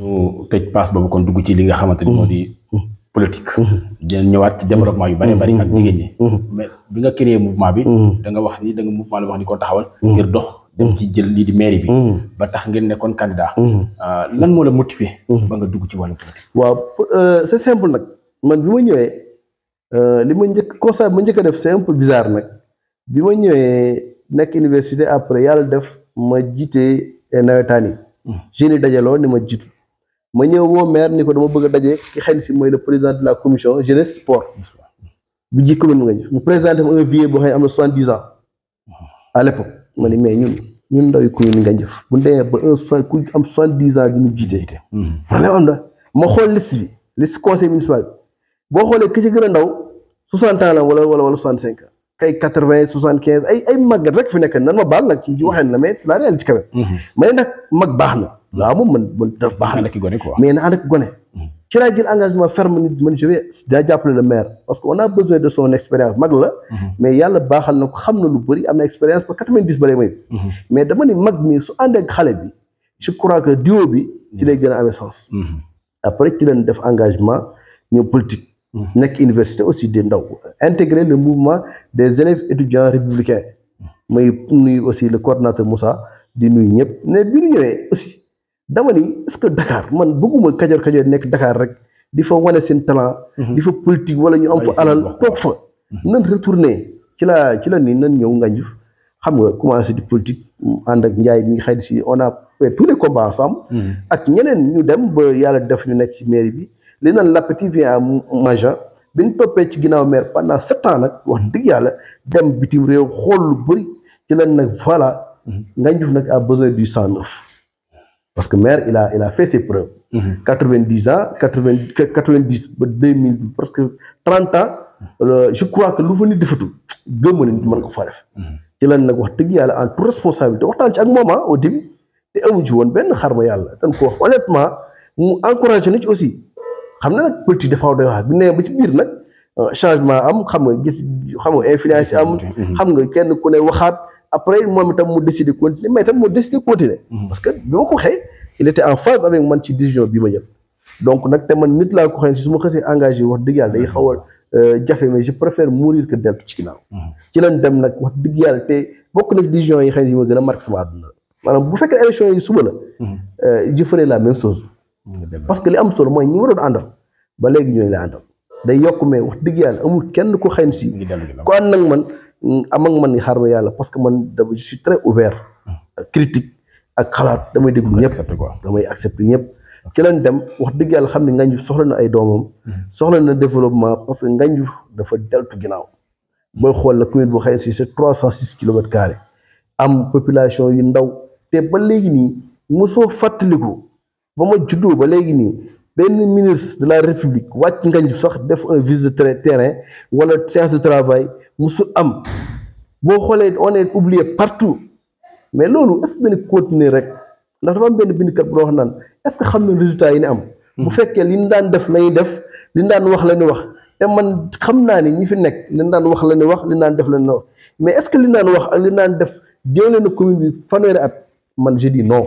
ñu tej pass boobu kon dugg ci li nga xamante ni di mm-hmm. politique dinañ mm-hmm. ñëwaat ci développement yu bari bari ak mm-hmm. jigéen ñi mais bi nga créé mouvement bi da nga wax ni da nga mouvement wax ni ko taxawal ngir dox dem ci jël lii di mairie bi ba tax ngeen nekkoon candidat euh, lan moo la motivé ba nga dugg ci wàllu politique waaw euh, c'est simple nag man bi ma ñëwee euh, li ma njëkk constat bi ma njëkk a def c'est un peu bizarre nag bi ma ñëwee université après yàlla def ma jiite nawetaan yi jeunes ni ma jiitu ma ñëw woo maire ni ko dama bëgg a daje ki xel si mooy le président de la commission jeunesse sport boo xam ne am na ma ni mais ñun ñun ndaw yi commune am soixante di ñu jiite. Hmm. problème xool liste bi liste conseil municipal bi boo xoolee ki ci ndaw soixante ans la wala wala wala soixante cinq ans ay quatre vingt soixante quinze ay ay màggat rek fi nekk nan ma baal nag ci waxee na mais c'est la réalité quand même. Hmm. mag baax na. waaw moom man man daf baax na gone quoi mais na ànd ak gone hmm. ci laa jël engagement ferme ni man je vais daa jàppale le maire parce que on a besoin de son expérience mag hmm. mais yàlla baaxal na ko xam na lu bëri am na expérience ba quatre-vingt-dix may hmm. mais dama ni mag mi su ànd ak xale bi je crois que duo bi ci lay gën a amee sens après ci leen def engagement ñoom politique nekk université aussi di ndaw intégrer le mouvement des élèves étudiants républicains muy nuyu aussi le coordinateur Moussa di nuyu ñëpp mais bi ñu aussi dama ni est-ce que Dakar man bëgguma kajoor kajoor nekk Dakar rek di fa wane seen talent. Mhm. di fa politique wala ñu am fa alal toog fa. Mhm. nan retourné ci la ci la nii nan ñëw Ngandiouf xam nga commencé di politique ànd ak Ndiaye mi xëy si on a fait tous mhm. ak ñeneen ñu dem ba yàlla def ñu nekk ci mairie bi li nan l'appétit vient à mangeant bi ñu toppee ci ginnaaw maire pendant sept ans nag wax dëgg yàlla dem bitim réew xool lu bëri ci lan nag voilà. Ngandiouf nag a besoin du 109. Parce que Maire, il a, il a fait ses preuves. 90 mhm. ans, 90, 90, 2000, presque 30 ans, je crois que venons de Foutou, deux mois, nous devons faire. Il a une en toute responsabilité. Autant que maman, au début, et un jour, ben harma yalla tan ko honnêtement nous encourageons aussi xam na nak politique dafa day wax bi ne ba ci nak euh, changement am xam nga xam nga influence am xam nga kenn ku ne changement, après moom itam mu décidé continuer mais itam mu décidé continuer. parce que bi ma ko waxee il était en phase avec man ci décision bi ma jël. donc nak té man nit la ko xey ci suma ma engagé wax dëgg yàlla day xawal euh jafé mais je préfère mourir que d'être ci ginnaaw. Mhm. ci lan dem nak wax dëgg yàlla te bokk na décision yi xey yi ma gëna a marqué sama àdduna maanaam bu fekk élection yi suba la. Mhm. Euh, je ferai la même chose. parce que li am solo moy ñi waroon andal ba légui ñoy la andal day yokk mais wax dëgg yàlla amul kenn ko xey ci ko ànd nag man. am ak man ni xaar ma yàlla parce que man dama je suis très ak xalaat damay déglu ñëpp quoi damay accepté ñëpp ci lañ dem wax dëgg yàlla xam ne Nganj soxla na ay doomam hmm. soxla na développement parce que Nganj dafa deltu ginnaaw booy xool la commune bu xëy si c'est trois cent six kilomètres carrés am population yu ndaw te ba léegi nii mosoo fàttaliku ba ma juddoo ba léegi nii ben ministre de la république wàcc ngañ sax def un visite de terrain wala séance de travail musul am bo xolé on est oublié partout mais lolu est-ce que continuer rek ndax dafa am bind kat bu wax nan est-ce que xam na résultat yi ni am. Hmm. bu fekke li ndan def lañuy def li ndan wax la ñu wax te man xam naa ni ñi fi nek li ndan wax la ñu wax li ndan def la ñu wax mais est-ce li ndan wax ak li ndan def jëlee na commune bi fanere at man je dis non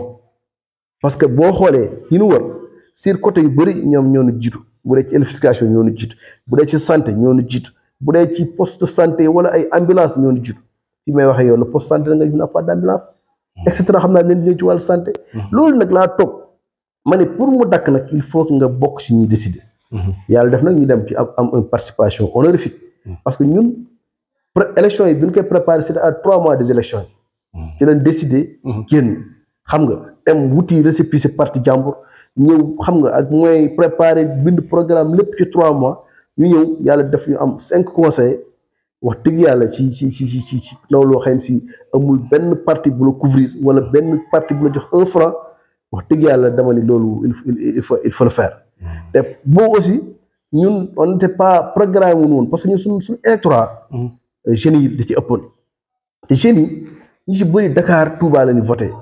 parce que bo xolé ñu nu wër sur côté yu bari ñom ñono ñu jiitu bu dee ci électrification ñono ñu jiitu bu dee ci santé ñono ñu jiitu bu dee ci poste santé wala ay ambulance ñono ñu fi may waxee yow le poste santé nga ñu na pas d' ambulance hmm. et cetera xam naa leen ñëw ci wal santé hmm. lool nak la top mané pour mu dak nak il faut nga bok ci ñi décider hmm. yàlla def nak ñu dem ci am am une participation honorifique parce que ñun élection yi bi ñu koy préparer c'est à 3 mois des élections ci leen décider génn xam nga dem wuti récépissé parti jambour ñëw xam nga ak moy préparer bind programme lepp ci 3 mois ñu ñew yalla def ñu am 5 conseils wax dëgg yalla ci ci ci ci ci loolu loo xam amul ben parti bu la couvrir wala ben parti bu la jox 1 franc wax dëgg yalla dama ni lolu il faut il faut le faire te bo aussi ñun on n'était pas programme non parce que ñu sun suñu électorat mm. jeunes da ci ëppoon te jeunes yi ñu si Dakar Touba la ni voter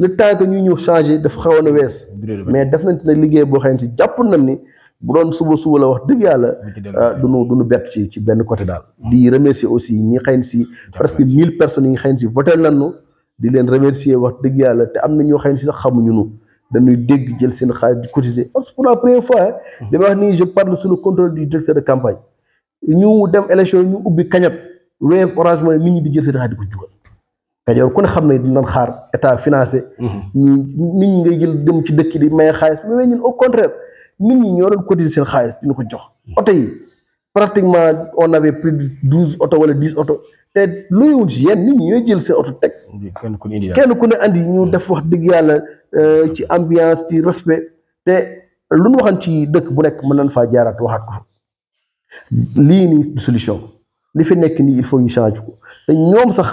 le temps que ñu ñëw changé daf xawoon a wees. mais def nañ ci liggéey boo xam ne ci jàpp nañ ni bu doon suba suba la wax dëgg yàlla. Ah, du nu du nu bett ci ci benn côté daal. Mm. di remercier aussi ñi xëy si presque mille personnes yi nga xëy si voté nañu di leen remercier wax dëgg yàlla te am na ñoo xëy si sax xamuñu nu dañuy dégg jël seen xaalis di cotiser parce ah, que pour la première fois. li mm. ma wax nii je parle sous le contrôle du directeur de campagne. ñu dem élection ñu ubbi kañat Wave Orange Money nit jël seen xaalis di Kajoor ku ne xam ne dinañ xaar état financé. Mhm. nit ñi ngay jël dem ci dëkk di maye xaalis mais ñun au contraire nit ñi ñoo doon cotiser seen xaalis dina ko jox. Mhm. oto yi pratiquement on avait plus de douze oto wala dise oto te looyuwul si yéen nit ñi ñooy jël seen oto teg. kenn ku ne kenn ku ne andi ñu mhm. def wax dëgg yàlla euh, ci ambiance ci respect te lu ñu waxan ci dëkk bu nekk mën nañ faa jaaraat waxaat ko lii nii solution li fi nekk nii il faut ñu change ko te ñoom sax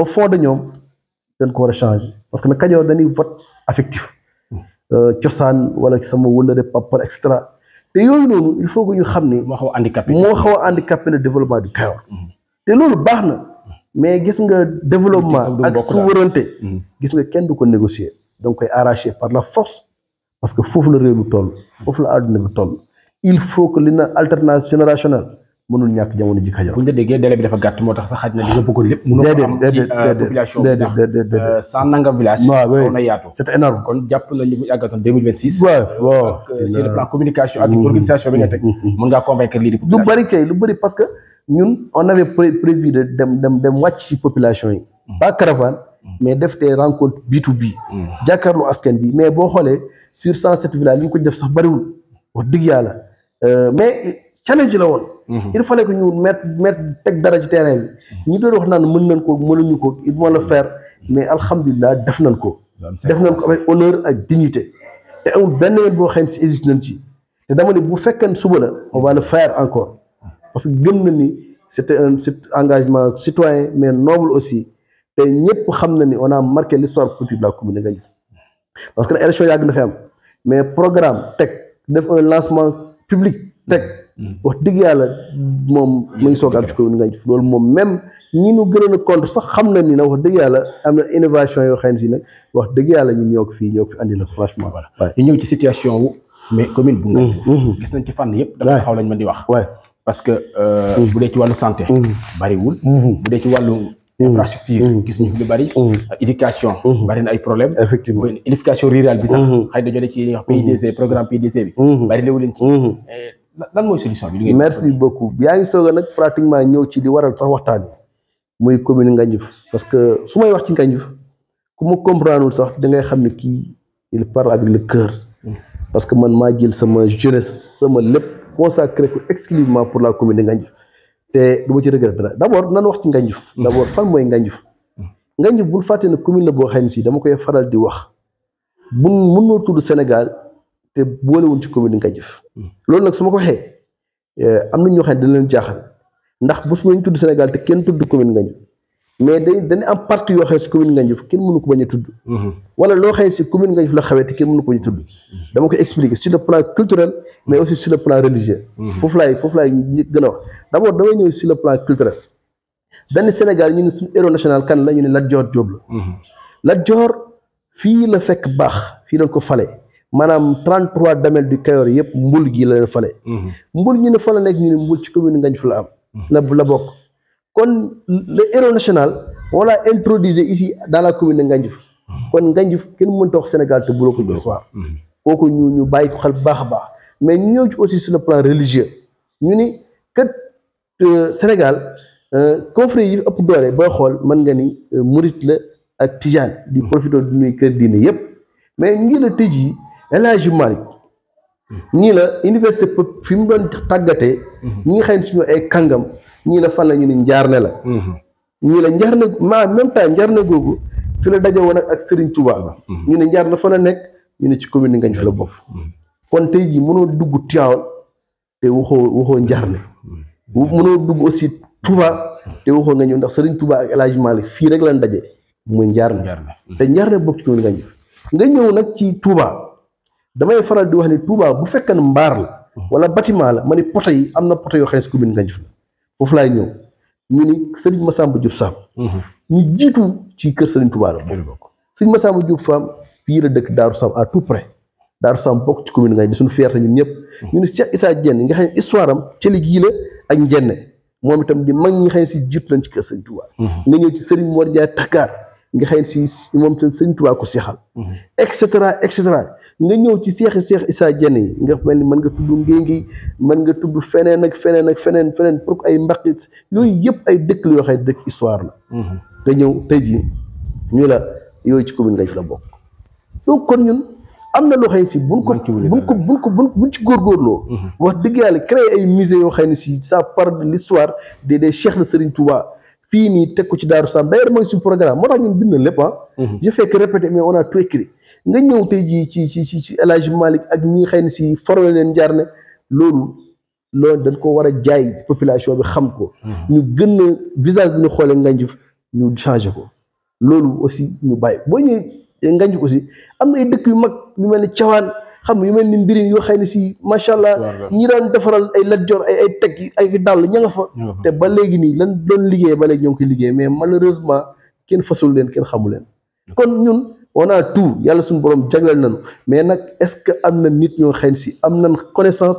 au fond de ñoom dañ ko war a parce que nag Kajoor dañuy vote affectif hmm. euh, cosaan wala sama wëllëre papar et cetera te yooyu noonu il faut que ñu xam ne. moo xaw handicapé moo xaw a handicapé le développement du Kajoor. Hmm. te loolu baax na hmm. mais gis nga développement ak souveraineté gis nga kenn du ko négocier donc koy arracher par la force parce que foofu la réew mi toll foofu la àdduna bi toll il faut que li na alternance générationnelle mënul ñàkk jamono ji Kajoor. bu ñu la déggee délai bi dafa gàtt moo tax sax xaj na li nga bi ndax bi nga teg. Mm-hmm. mën ngaa lu bari kay parce que ñun on avait prévu de dem dem population yi. Mm-hmm. pas caravane. Mm-hmm. mais def des rencontres B2B. jàkkaarloo askan bi mais boo xoolee sur cent sept villages li ñu ko def sax bariwul wax yàlla euh, mais. challenge la woon. Mhm. il fallait que ñu mettre mettre teg dara ci terrain bi. Mhm. ñu doon wax naan mën nañ ko mënuñu ko ils vont le faire mais alhamdulilah def nañ ko. def nañ ko avec honneur ak dignité. te amul benn yoon boo xam ne si hésite nañ ci te dama ne bu fekkee suba la on va le encore parce que gëm na ni c'était un engagement citoyen mais noble aussi te ñëpp xam na ni on a marqué l'histoire politique de la commune parce que élection yàgg na fi am mais programme teg def un lancement public Hmm. wax dëgg yàlla moom mu ngi soog ak ko ngañ def loolu mom même ñi ñu gëna a compte sax xam na ni wax dëgg yàlla am na innovation yo xam ne si wax dëgg yàlla ñun ñoo ko fii ñoo fi andi la franchement voilà ñu ñëw ci situation wu mais commune bu Ngagne Diouf hmm. gis nañ ci fan yépp dafa xaw lañ mën di wax parce que euh, hmm. bu dee ci walu santé bariwul bu dee ci walu infrastructure gis ñu lu bari euh, éducation bari na ay problème effectivement éducation rurale bi sax xay da dañoo ci li nga xam programme PDC bi bari léwu leen ci euh, lan mooy solution bi. merci beaucoup yaa ngi soog a nag pratiquement ñëw ci li waral sax waxtaan muy commune Ngandiouf parce que su may wax ci Ngandiouf ku ma comprendre sax dangay xam ne kii il parle avec le cœur. Mm. parce que man maa jël sama jeunesse sama lépp consacré ko exclusivement pour la commune de te du ma ci regret dara d' abord nan wax ci Ngandiouf. Mm. d' abord fan mooy Ngandiouf. Mm. Ngandiouf bul fàtte ne commune la boo xam ne dama koy faral di wax bu mënoo tudd Sénégal. te boolewul ci commune ni nga jëf loolu nag su ma ko waxee eh, am na ñu xam ne dina leen jaaxal ndax bés bu ñu tudd Sénégal te kenn tudd commune Ngandiouf mais day dañu am parti yoo xam ne si commune Ngandiouf kenn mënu ko bañ a tudd hmm. wala loo xam ne commune Ngandiouf la xawee te kenn mënu ko bañ a tudd hmm. dama ko expliquer si le plan culturel mais hmm. aussi si le plan religieux foofu laay foofu laay gën a wax damay ñëw sur le plan culturel dañu Sénégal ñu ne suñu héros national kan la ñu ne Lat Dior Diop la Lat Dior fii la fekk baax fii la ko fale maanaam 33 damel di Kayoor yëpp mbul gi la leen fale. Mhm. mbul ñu ne fa nekk ñu ne mbul ci commune Ngagne Fula am. bu mhm. la bokk kon le héros national on l'a introduit ici dans la nga de Ngandiouf mhm. kon Ngandiouf kenn mënta wax Sénégal te buloo ko histoire kooku ñu ñu bàyyi ko xel bu baax a baax mais ñu ñëw ci aussi sur le plan religieux ñu ni kat euh, Sénégal euh, confrérie yi ëpp doole booy xool man nga ni euh, murit la ak tijaan di profité du ñuy kër diine yépp mais ngir El Hadj Malick ñii la université fi mu doon tàggatee ñi nga suñu ay kàngam ñii la fan la ñu ne njaar ne la ñii la njaar ne ma même temps njaar ne googu fi la daje woon ak Serigne Touba la ñu ne njaar na fa la nekk ñu ne ci commune Ngagne fa bof kon tey jii mënoo dugg Tivaouane te waxoo waxoo njaar ne mënoo dugg aussi Touba te waxoo nga ñëw ndax Serigne tubaa ak El Hadj fii rek lañ daje mu njaar ne te njaar ne bokk ci nga ñëw nag ci Touba damay faral di wax ni Touba bu fekkee ne mbaar la wala bâtiment la ma ni poto yi am na poto yoo xam ne si commune Ngandiouf la foofu laay ñëw ñu ni Serigne Massamba jub Sam mhm. ñu jiitu ci kër Serigne Touba la bokk Serigne Massamba Diop Sam fii la dëkk Daaru Sam à tout près Daaru Sam bokk ci commune Ngandiouf suñu fierté ñëpp mhm. ñu ni Cheikh nga xam ne am gii la ak njenne moom itam di mag ñi nga si jiitu lañ ci kër Serigne Touba mhm. nga ñëw ci Serigne Mor Ndiaye Takar nga xam ne si moom itam Serigne Touba ko seexal et cetera et cetera nga ñëw ci seexi seex Issa Diané yi nga mel ni man nga tudd Ngéngi mën nga tudd feneen ak feneen ak feneen feneen pour ay mbaqit yooyu yëpp ay dëkk la yoo xam ne dëkk histoire la. Mhm. nga ñëw tey jii ñu la yooyu ci commune Ndeye la bokk. donc kon ñun am na loo xam ne si buñ ko buñ ko buñ ko buñ ci góorgóorloo. Mhm. wax dëgg yàlla créer ay musée yoo xam ne si ça part de l'histoire des des Cheikh la Serigne Touba. fii nii teg ko ci Daaru Salaam d'ailleurs mooy suñu programme moo tax ñun bind na lépp ah. Mhm. je fais mais on a tout écrit nga ñëw tey ji ci ci ci ci El Hadj Malick ak ñi xëy na si forole leen jaar ne loolu loolu dañ ko war a jaay population bi xam ko. Mhm. ñu gën a visage bi ñu xoolee ñu changé ko loolu aussi ñu bàyyi boo ñëwee Ngandiouf aussi am na ay dëkk yu mag yu mel ni Cawaan. xam nga yu mel ni mbiri yoo xëy ne si macha allah ñi daan defaral ay Lat Joor ay ay teg ay dàll ña fa te ba léegi nii lan doon liggéey ba léegi ñoo koy liggéey mais malheureusement kenn fasul leen kenn xamu leen kon ñun on a tout yàlla suñu borom jagleel nañu mais nag est-ce que am na nit ñoo xëy si am nañ connaissance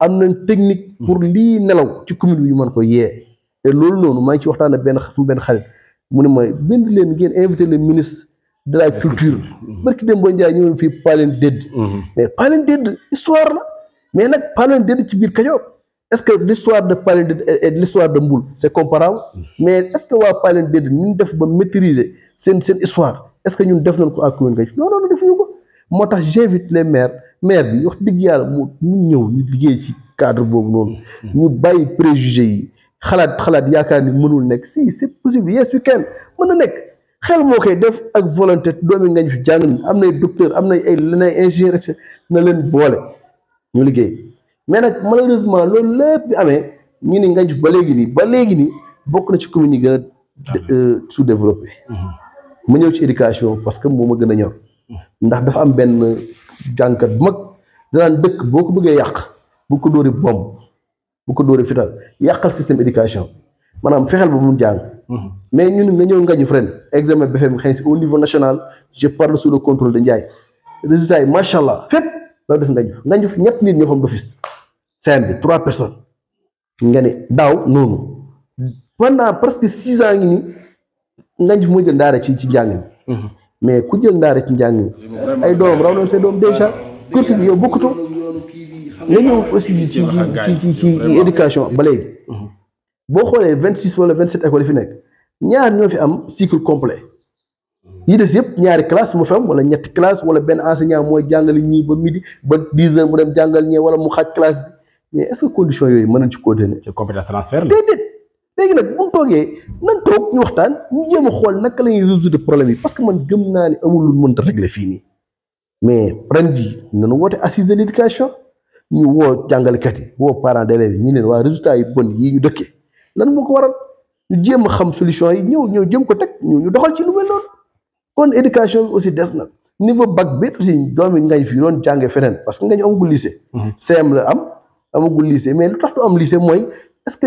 am nañ technique hmm. pour lii nelaw ci commune bi ñu mën ko yee te loolu noonu maa ngi ci waxtaan benn sama benn xarit mu ne ma bind leen ngeen invité le ministre de la culture barki dem boo njaay ñëwoon fii Palen dead. mais Palen dead histoire la mais nag Palen Dedd ci biir Kajoor est-ce que l'histoire de Palen Dedd et l'histoire de Mboul c'est comparable mais est-ce que waa Palen Dedd ñu def ba maîtriser seen seen histoire est-ce que ñun def nañ ko ak commune Kajoor non non non defuñu ko moo tax j'invite les maires maire bi wax dëgg yàlla mu ñu ñëw ñu liggéey ci cadre boobu noonu ñu bàyyi préjugé yi xalaat xalaat yaakaar ni mënul nekk si c'est possible yes we can mën na nekk xel moo koy def ak volonté doomi ngañ fi jàng am nay docteur am nay ay leneen ingénieur na leen boole ñu liggéey mais nag malheureusement loolu lépp amee ñu ni ngañ fi ba léegi nii ba léegi nii bokk na ci commune yi gën a euh, sous-développé mm-hmm. ma ñëw ci éducation parce que moo ma gën a ñor mm-hmm. ndax dafa am benn jànkat bu mag danaan dëkk boo ko bëggee yàq bu ko dóori bomb bu ko dóori fital yàqal système éducation maanaam fexeel ba mu jàng Mhm. mais ñun nañoo ngaju ren examen BFM xëy si au niveau national je parle sous le contrôle de Ndiaye résultat yi macha allah fépp loolu des ngaju ngaju ñett nit ñoo xam d'office CM bi trois personnes nga ne daaw noonu pendant presque six ans ngi ni ngaju moo jël ndaare ci ci njàng mhm. mais ku jël ndaare ci njàng mi ay doom raw na say doom déjà course bi yow bokkutoo nga ñëw aussi ci ci ci ci éducation ba léegi boo xoolee vingt six wala vingt sept écoles yi fi nekk ñaar ñoo fi am cycle complet yi des yëpp ñaari classe mu fi am wala ñett classe wala benn enseignant mooy jàngale ñi ba midi ba dix heures mu jàngal ñee wala mu xaaj classe mais est yooyu mën nañ ci continuer. ci compétence transfert la déedéet nag toogee nañ toog ñu waxtaan ñu jéem xool naka la ñuy résoudre problème yi parce que man gëm naa ne amul lu mënta régler fii nii mais ren jii nañu woote assise de l' éducation ñu woo jàngalekat yi woo parents d'élèves yi ñu leen waa résultat yi bon yii ñu dëkkee. lan moo ko waral ñu jéem a xam solution yi ñëw ñëw jëm ko teg ñu ñu doxal ci lu mel noonu kon éducation aussi des na niveau bac bi aussi doomi ngañ fii doon jànge feneen parce que ngañ amagul lycée. CM mhm. la am amagul lycée mais lu tax du am lycée mooy est-ce que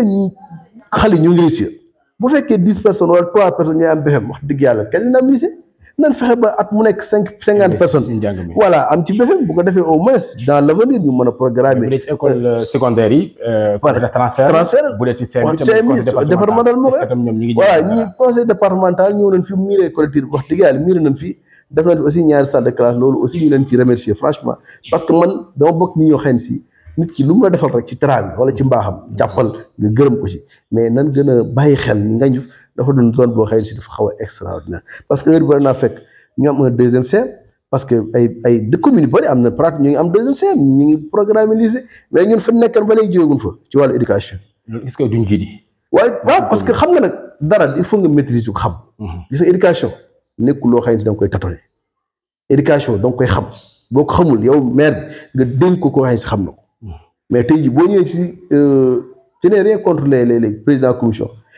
xale ñu ngi réussir bu fekkee dix personnes wala trois personnes ñooy am BFEM wax dëgg yàlla kenn dina am lycée. nan fexe ba at mu nekk cinq cinquante personnes voilà am ci BFEM bu defee au moins dans l' avenir ñu mën a programmer. bu dee bu dee ci euh, euh, euh, CMU miiree collectif wax dëgg yàlla miiree fi def nañ aussi ñaari salle de classe loolu aussi ñu leen ci remercier franchement parce que man dama bokk ñi ñoo xëy si. nit ki lu mu la defal rek ci teraanga wala ci mbaaxam jàppal nga gërëm ko ci mais nan gën a bàyyi xel nga ñu dafa doon zone boo xëy si dafa xaw extraordinaire parce que heure bari naa fekk ñu am un deuxième CM parce que ay ay dëkk commune bari am na pratique ñu ngi am deuxième CM ñu ngi programme lycée mais ñun fa nekkan ba léegi jógeguñ fa ci wàllu éducation. loolu parce que xam nga nag dara il faut nga maîtriser ko xam. Mhm. gis nga éducation loo xëy si da nga koy tatone xam boo ko xamul yow maire nga dénk ko koo xëy si xam na ko mhm. mais tey ji boo ñëwee ci je euh, n'ai rien contre les les les commission.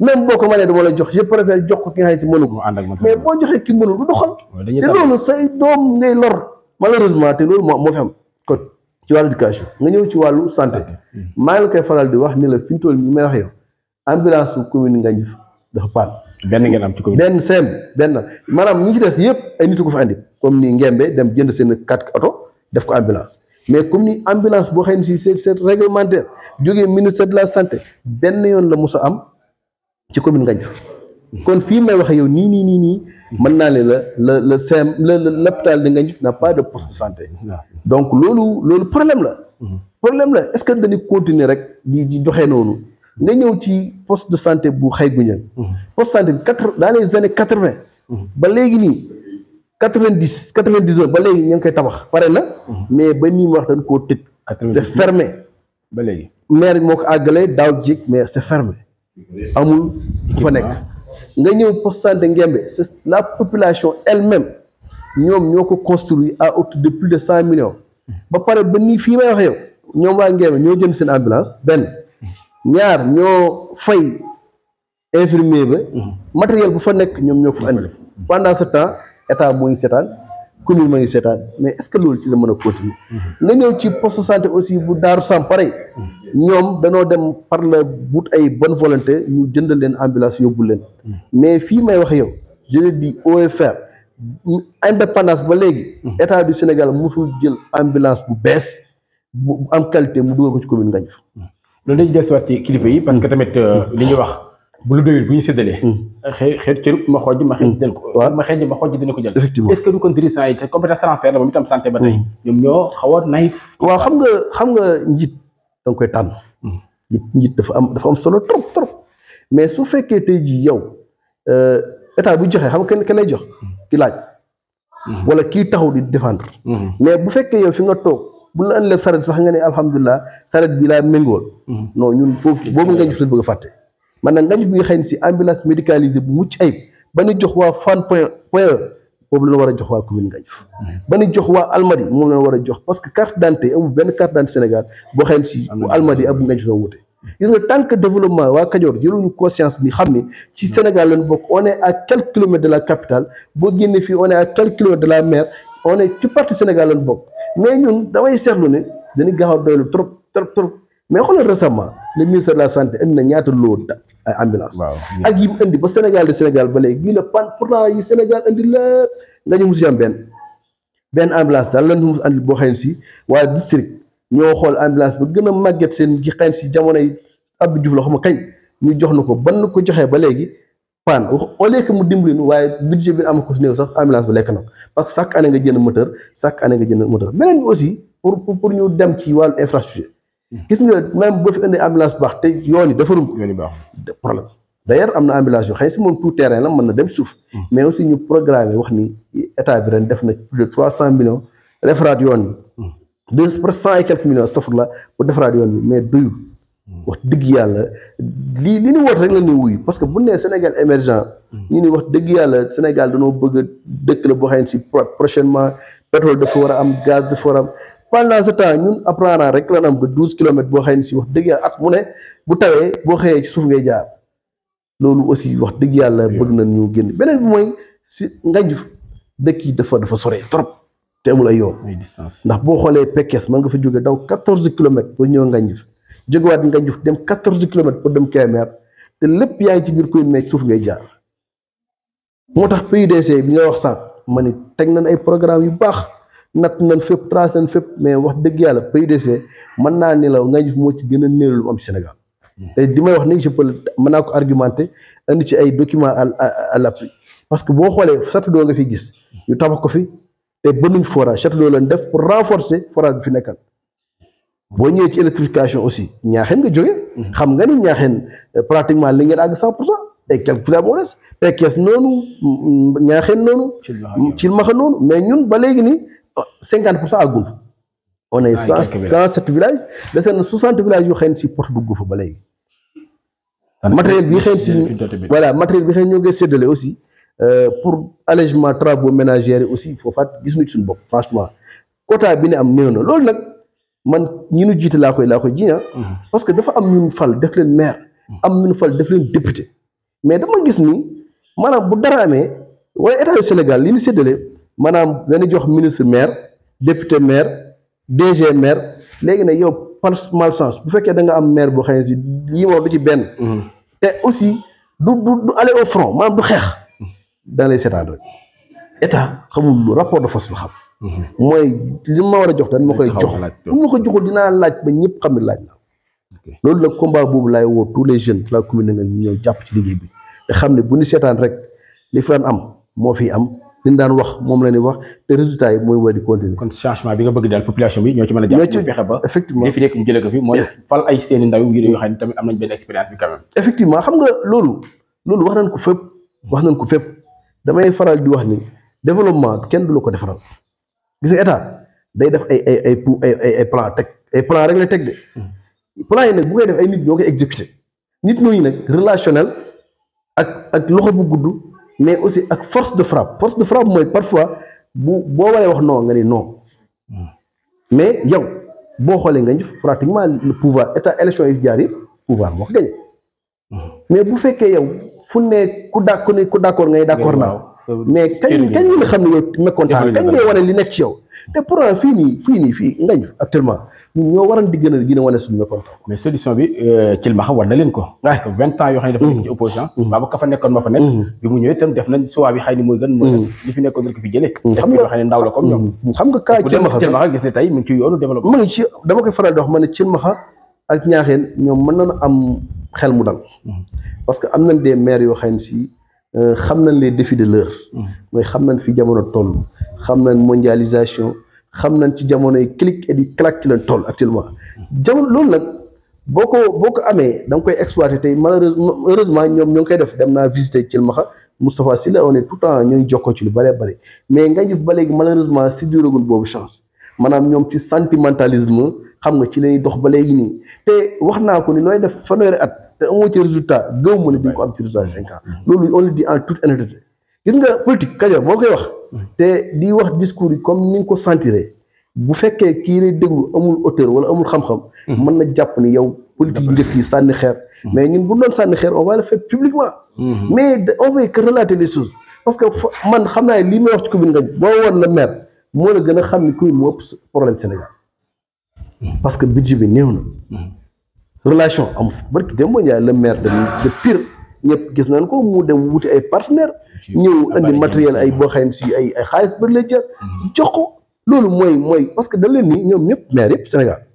même boo ko manee dama la jox je préfère jox ko ki nga xam si mënu ko mais boo joxee ki mënul du doxal te loolu say doom ngay lor malheureusement te loolu moo moo am kon ci wàllu éducation nga ñëw ci wàllu santé hmm. maa ngi koy faral di wax ni la fi ñu toll nii may wax yow ambulance bu commune Ngandiouf dafa paan ngeen am ci commune benn seen benn maanaam ñi ci des yëpp ay nit comme nii Ngembe dem jënd seen quatre oto def ko ambulance mais comme ni ambulance boo xam ne si c'est c'est réglementaire jógee ministère de la santé benn yoon la mos a am ci commune Ngandiou kon fii may waxe yow nii nii nii nii mën naa ne la la la CM la l'hôpital de Ngandiou n'a pas de poste de santé donc loolu loolu problème la mhm. problème la est-ce que dañu continuer rek di di doxee noonu nga ñëw ci poste de santé bu Xayguña mhm. poste de santé bi quatre dans mhm. ba léegi nii quatre vingt dix quatre vingt ba léegi ñu ngi koy tabax pare na mais ba nii ma wax dañ koo tëj c'est fermé ba léegi maire moo ko àggalee daaw jik mais c'est fermé amul ku fa nekk nga ñëw postante Nguembe c'est la population elle-même ñoom ñoo ko construit à hauteur de plus de cent millions ba pare ba nii fii may waxee ñoom waa Nguembe ñoo jënd seen ambulance benn ñaar ñoo fay infirmier ba mm-hmm. matériel bu fa nekk ñoom ñoo ko fa andi pendant temps état mooy seetaan commune ma ngi seetaan mais est ce que loolu ci la mën a continuer mm-hmm. nga ñëw ci post santé aussi bu Daaru Sam pare mm-hmm. ñoom danoo dem par la ay bonne volonté ñu jëndal leen ambulance yóbbu leen mm-hmm. mais fii may wax yow je le dis OFR indépendance ba léegi état du Sénégal musul jël ambulance bu bees bu am qualité mu dugal ko ci commune Ngandiouf loolu dañu dellusiwaat ci kilifa yi parce que tamit euh, li ñu wax bu lu doyul ñu seddalee hmm. xëy xëy ma xooj hmm. ma xëy jël ma xëy ma xooj ko jël. effectivement est-ce que du ko dirigeant yi te compétence la moom itam santé ba tey. Hmm. ñoom ñoo xaw a naïf. waaw xam nga xam nga njiit da nga koy tànn. njiit dafa am dafa am solo trop trop mais su fekkee tey jii yow euh, état bu joxee xam kenn kenn lay jox ki laaj. wala kii taxaw di défendre. mais bu fekkee yow fi nga toog. bu la ënlee saret sax nga ne alhamdulilah saret bi laa méngool. non ñun foofu boobu nga gis bëgg maanaam nañu bi si ambulance médicalisée beaucoup mucc bani ba ñu jox waa Fann point point e, boobu la ñu jox waa commune Ngandiouf bani ñu jox waa Almadi moom la ñu jox parce que carte d'identité amul benn carte d'identité Sénégal boo xam ne si bu Almadi ak bu nga tant que développement wa Kajoor jëluñu conscience ni xam ni ci Sénégal lañu bokk on est à quelques kilomètres de la capitale boo génnee fii on est à quelques kilomètres de la mer on est ci partie Sénégal lañu bokk mais ñun damay seetlu ne dañu gaaw a doylu trop trop trop mais xolal récemment le ministre de la santé indi na ñaata loolu ay ambulance ak yi mu indi ba Sénégal de Sénégal ba légui le pan pourtant yi Sénégal indi le nga ñu musu am ben benn ambulance la ñu mus andi bo xam ci wa district ño xol ambulance bu gëna a màgget seen gi xam ci jamono yi Abdou Diouf la xuma kañ ñu jox nako ban ko joxé ba légui pan au lieu que mu dimbali ñu waye budget bi am ko si néew sax ambulance bu lek na parce que chaque année nga jënd moteur chaque année nga jënd moteur benen aussi pour pour ñu dem ci wal infrastructure gis nga même boo fi indee ambulance bu baax te yoon yi defarum ko. yoon yi baax problème d'ailleurs am na ambulance yu xëy si moom tout terrain la mën na dem suuf. Hmm. mais aussi ñu programme wax ni état bi ren def na plus de cent millions defaraat yoon yi. Hmm. deux pour cent et quelques bi mais doyul. Hmm. wax dëgg yàlla lii li ñu woote rek la ñuy wuyu parce que bu nee Sénégal émergent. ñu ni wax dëgg yàlla Sénégal dañoo bëgg a dëkk la boo xam ne si prochainement pétrole dafa war a am gaz dafa war pendant ce temps ñun apprendre rek la am ba douze kilomètres boo xëy ni si wax dëgg yàlla at mu ne bu tawee boo xëyee ci suuf ngay jaar loolu aussi wax dëgg yàlla bëgg na ñu génn beneen bi mooy si ngànj dëkk yi dafa dafa sore trop te amul ay yoon ndax boo xoolee Pekes mën nga fa jóge daw quatorze kilomètres ba ñëw ngànjuf jógewaat ngànjuf dem quatorze kilomètres pour dem Kébémer te lépp yaa ngi ci biir koy meeg suuf ngay jaar moo tax PUDC bi ngay wax sànq ma ni teg nañ ay programme yu baax natt nañ fépp tracé nañ mais wax dëgg yàlla de PUDC mën naa ni la Ngandiouf moo ci gën a néew lu am Sénégal di may wax ni je peux mën naa ko argumenté indi ci ay documents à parce que boo xoolee château d'eau nga fi gis ñu tabax ko fi te bënuñ forage château d'eau lañ def pour renforcer forage bi fi nekkal boo ñëwee ci électrification aussi ñaaxeen nga jógee xam nga ni ñaaxeen euh, pratiquement li ngeen àgg cent pour cent et quelques fois noonu mm, mm, ci maxa noonu mais ñun ba léegi nii 50% pour cent on est cent sept villages Mais c'est 60 villages yu xëy na si porte dugg fa ba léegi matériel bi xëy si voilà matériel bi xëy ñoo ngi aussi. Euh, pour allègement travaux ménagères yi aussi foofaat gis nañ suñu bopp franchement quota bi ne am néew na loolu nag man ñi nu jiite laa koy la koy jiña mhm. parce que dafa am ñun fal def leen maire mhm. am ñun fal def leen député mais dama gis ni manam bu dara amee wala état yu Sénégal li ñu sédélé Madame dañu jox ministre maire député maire DG maire léegi nag yow mal sens bu da nga am maire bu du ci mhm. aussi du du aller au front maanaam du xeex. da lay seetaan état xamul rapport de force la xam. Mhm. mooy ma a jox dañ ma koy jox bu ba xam ne combat tous les jeunes la commune nga ci bi ne bu ni seetaan rek li li ñu daan wax moom la ñuy wax te résultat yi mooy war di continuer. kon changement bi nga bëgg daal population bi ñoo ci mën a jàpp ñu fexe ba effectivement li fi nekk ñu jëlee ko fi mooy fal ay xam ne tamit am nañ nga loolu loolu wax nañ ko fépp wax nañ ko fépp damay faral di wax ni développement kenn du la ko defaral gis nga état day def ay ay ay ay ay plan teg ay plan rek la teg de hmm. plan yi nag bu koy def ay nit ñoo koy exécuté nit ñooñu nag relationnel ak ak loxo bu gudd. mais aussi ak force de frappe force de frappe mooy parfois bu boo waree wax non nga ni non hmm. mais yow boo xoolee nga def pratiquement le pouvoir état élection yi jaar yi pouvoir moo ko gañe mais bu fekkee yow fu ne ku dak ku ne ku d'accord ngay d'accord naaw mais kañ kañ ngeen xam ne yow mécontent kañ ngay a a nga xam mm-hmm. nga kaa Kilmaxa gis ne tey mu ci yoonu développement mu ci dama koy faral di wax ma ne Kilmaxa ak ñaaxeen ñoom mën nañu am xel mu dal mm-hmm. parce que am nañ des maires yoo xam ne si Euh, xam nañ les défis de l'heure mmh. mooy xam nañ fi jamono toll xam nañ mondialisation xam nañ ci jamono yi clic et du clac ci lañ toll actuellement mmh. jamono loolu nag boo ko boo ko amee da nga koy exploiter tey malheureusement heureusement ñoom ñoo ngi koy def dem naa ci Thilmakha Moustapha Sylla on est tout temps ñoo ngi jokkoo ci lu bëree bëri mais nga jëf ba léegi malheureusement si duragul boobu chance maanaam ñoom ci sentimentalisme xam nga ci lañuy dox ba léegi nii te wax naa ko ni nooy def fanweeri at te amoo ci résultat gëw ma ne ko am ci résultat cinq ans loolu on le dit gis nga politique Kajoor boo koy wax te di wax discours yi comme ni ko sentiree bu fekkee kii lay déglu amul auteur wala amul xam-xam hmm. mën na jàpp ni yow politique yu njëkk yi sànni xeer hmm. mais ñun bu doon sànni xeer on va le faire publiquement hmm. mais on veut que relater les choses parce que man xam naa lii may wax ci commune nga boo woon la maire moo la gën a xam ni ku mu ëpp problème Sénégal parce que budget bi néew na relation am fa dem démb Ndiaye le maire de de Pire ñëpp gis nañ ko mu dem wuti ay partenaires ñëw indi matériel ay boo si ay ay xaalis bëri la jël jox ko loolu mooy mooy parce que dañ leen ni ñoom ñëpp maire yëpp Sénégal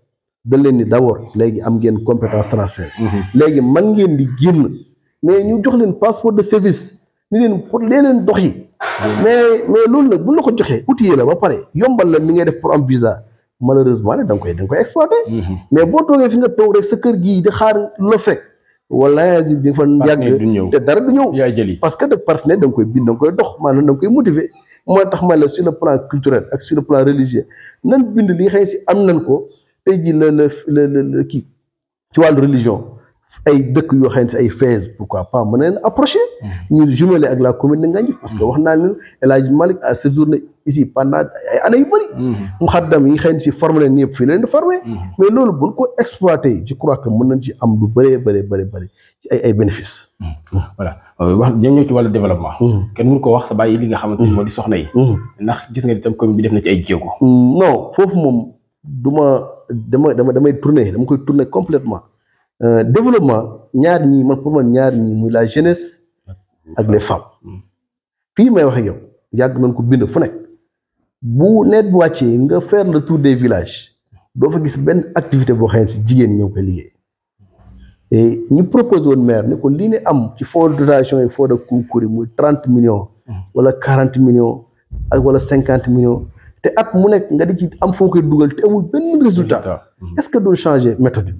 dañ leen ni d'abord léegi am ngeen compétence transfert mhm. léegi man ngeen di génn mais ñu jox leen passeport de service ni leen pour lee leen dox yi mhm. mais mais loolu nag bu la ko joxee outil la ba pare yombal la mi ngay def pour am visa malheureusement nag da nga koy da nga koy exploité. Mhm. mais boo toogee fi nga toog rek sa kër gii di xaar la fekk. wala di nga fa yàgg te dara du ñëw yaay jëli parce que de partenaire da nga koy bind da koy dox maanaam da nga koy motiver. moo tax ma la sur le plan culturel ak sur le plan religieux nan bind li xëy si am nan ko tey jii la la la kii ci wàllu religion. ay dëkk yoo xam ne ay Fès pourquoi pas mën na leen approcher. Mhm. ñu jumelé ak la commune de Ngandiouf. parce que mhm. wax naa leen El Hadj Malick a séjourné mhm. yi xëy na si formé leen yëpp fii la leen di formé. mais loolu bu ñu ko exploité je crois que mën nañ ci am lu bëree bëri bëri bëri ci ay ay bénéfices. voilà euh, wax ñoom ñoo ci wàllu développement. kenn mënu ko wax sa bàyyi li nga xamante ni moo di soxna yi. ndax gis nga itam commune bi def na ci ay jéego. Mm, non moom du ma dama dama damay tourné dama koy tourné complètement euh, développement, ni, moi, pour moi, la jeunesse et les femmes. Puis, mais, il y a un coup de Si vous êtes boîtier, vous allez faire le tour des villages. Vous allez faire une activité pour les gens qui sont liés. Et nous proposons au maire, nous avons une ligne qui fait de l'argent et fait 30 millions, 40 mm. millions, ou 50 millions. Et après, vous avez dit que vous avez fait un résultat. Mm. Est-ce que vous changez la méthode?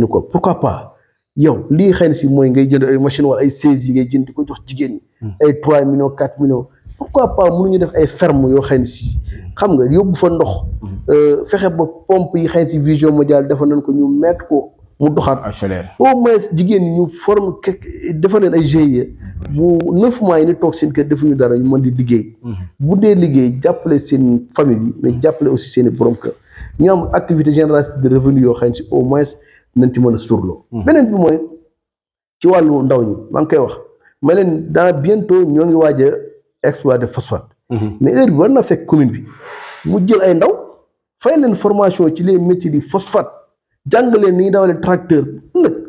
ñu ko pourquoi pas yow lii na si ngay jënd ay machine wala ay ngay ko hmm. trois millions quatre millions pourquoi pas ñu def ay ferme yoo xëy si xam nga fa ndox hmm. euh, ba pompe yi vision mondiale defal nañ ko ñu mettre ko mu doxaat au moins jigéen ñu forme ay hmm. neuf mois ni toog seen kër defuñu dara ñu mën di liggéey bu dee liggéey seen famille bi mais aussi seen borom kër activité générale de revenu nañ ci mën a surloo. Mm-hmm. beneen bi mooy ci wàllu ndaw ñi maa ngi koy wax ma leen dans bientôt ñoo ngi waaj a de phosphate. Mm-hmm. mais heure bi war na fekk commune bi mu jël ay ndaw fay leen formation ci les métiers du phosphate jàng leen ni ngi dawalee tracteur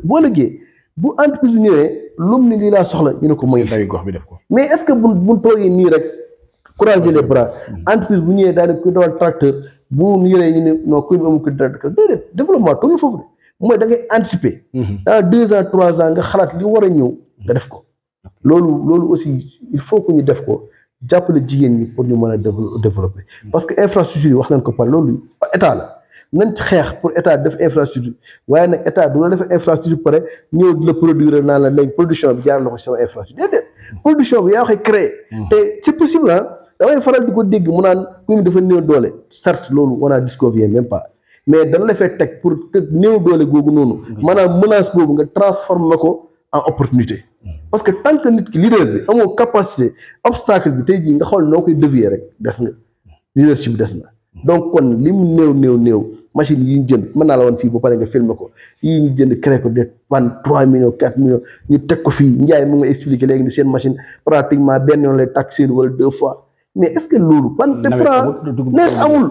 boo liggéey bu entreprise ñëwee lum ni lii laa soxla ñu ne ko mooy. gox bi def ko mais est ce que bu bu nii rek croiser les bras mm-hmm. entreprise bu ñëwee daal di ko dawal tracteur bu mu yoree ñu ne non kuy bi amul ko tracteur mooy da ngay anticiper. Mhm. Ah, dans 2 ans 3 ans nga xalat li wara a da def ko. lolu lolu aussi il faut que ñu def ko jappale jigen ñi pour ñu mën développer mhm. parce que infrastructure wax nañ ko par lolu état la nañ ci xeex pour état def infrastructure waaye nak état du la def infrastructure paré ñëw le produire naan la léegi production bi jaar na ko sama infrastructure déedéet mhm. production bi ya koy créer te c'est possible ah damay faral di ko dégg mu naan ñu dafa néew doole certes lolu wana a même pas mais dañ la fee teg pour que néew doole googu noonu. maanaam menace boobu nga transformer ko en opportunité. parce que tant que nit ki leader bi amoo capacité obstacle bi tey jii nga xool noo koy dévier rek des nga leadership bi des na. donc kon li mu néew néew néew machine yi ñu jënd mën naa la woon fii ba pare nga filmer ko yii ñu jënd créé ko de vingt trois millions quatre millions ñu teg ko fii Ndiaye mu nga expliqué léegi ni seen machine pratiquement benn yoon lay wala deux fois mais est que loolu. nawet amul nawet amul.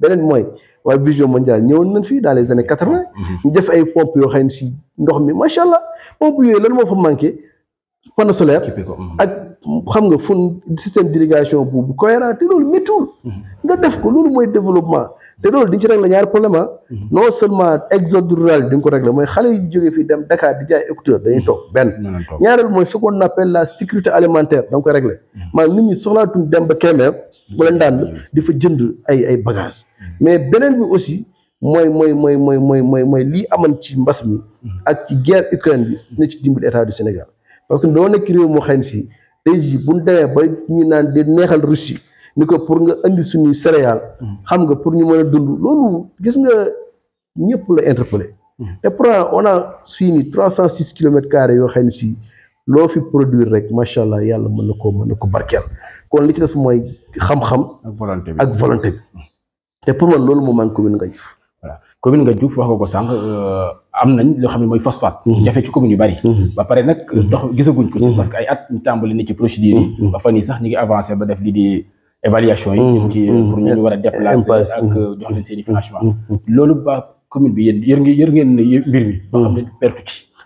beneen mooy waa vision mondiale ñëwoon nañ fii daal les années quatre vingt mhm. ñu def ay pompe yoo xay ne si ndox mi macha allah pompe yooyu lan moo fa manqué panneau solaire mhm. ak xam nga fun système d'irrigation bu bu cohérent te loolu méttiwul mhm. nga def ko loolu mooy développement te loolu di nga ci régler ñaari problème ah non seulement exode rural bi nga ko régler mooy xale yu jógee fii dem Dakar di jaay écouteur dañuy toog benn ñaareel mooy ce qu'on la sécurité alimentaire da nga koy régler maanaam nit ñi soxlaatuñ dem ba Kébémer melentaan ba di fa jënd ay ay bagage mais benen bi aussi moy moy moy moy moy moy moy li aman ci mbass mi ak ci guerre Ukraine bi ne ci dimbul état du Sénégal parce que do nek rew mo xam ci day ji buñ ñu ba ñi naan di neexal Russie niko pour nga andi suñu céréales xam nga pour ñu mëna dund lolu gis nga ñepp la interpeller té hmm. pourtant on a suivi 306 trois cent six kilomètres carrés yoo fi produire rek machallah yalla mëna ko mëna ko barkel kon li ci des mooy xam-xam. ak volonté bi te pour man loolu moo manque commune nga Diouf. Euh, voilà loo xam mooy phosphate. Mhm. jafe ci commune mhm. ba pare nag mhm. dox gisaguñ ko ci. parce que ay ba fan yii sax yi. ci e-, euh, i financement. loolu ba commune bi yéen yër ngeen yër ngeen mbir mi.